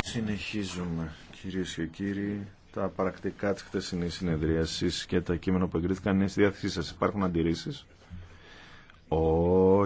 Συνεχίζουμε, κυρίε και κύριοι. Τα πρακτικά τη χτεσινή συνεδρίαση και τα κείμενα που εγκρίθηκαν είναι στη διάθεσή σα. Υπάρχουν αντιρρήσει.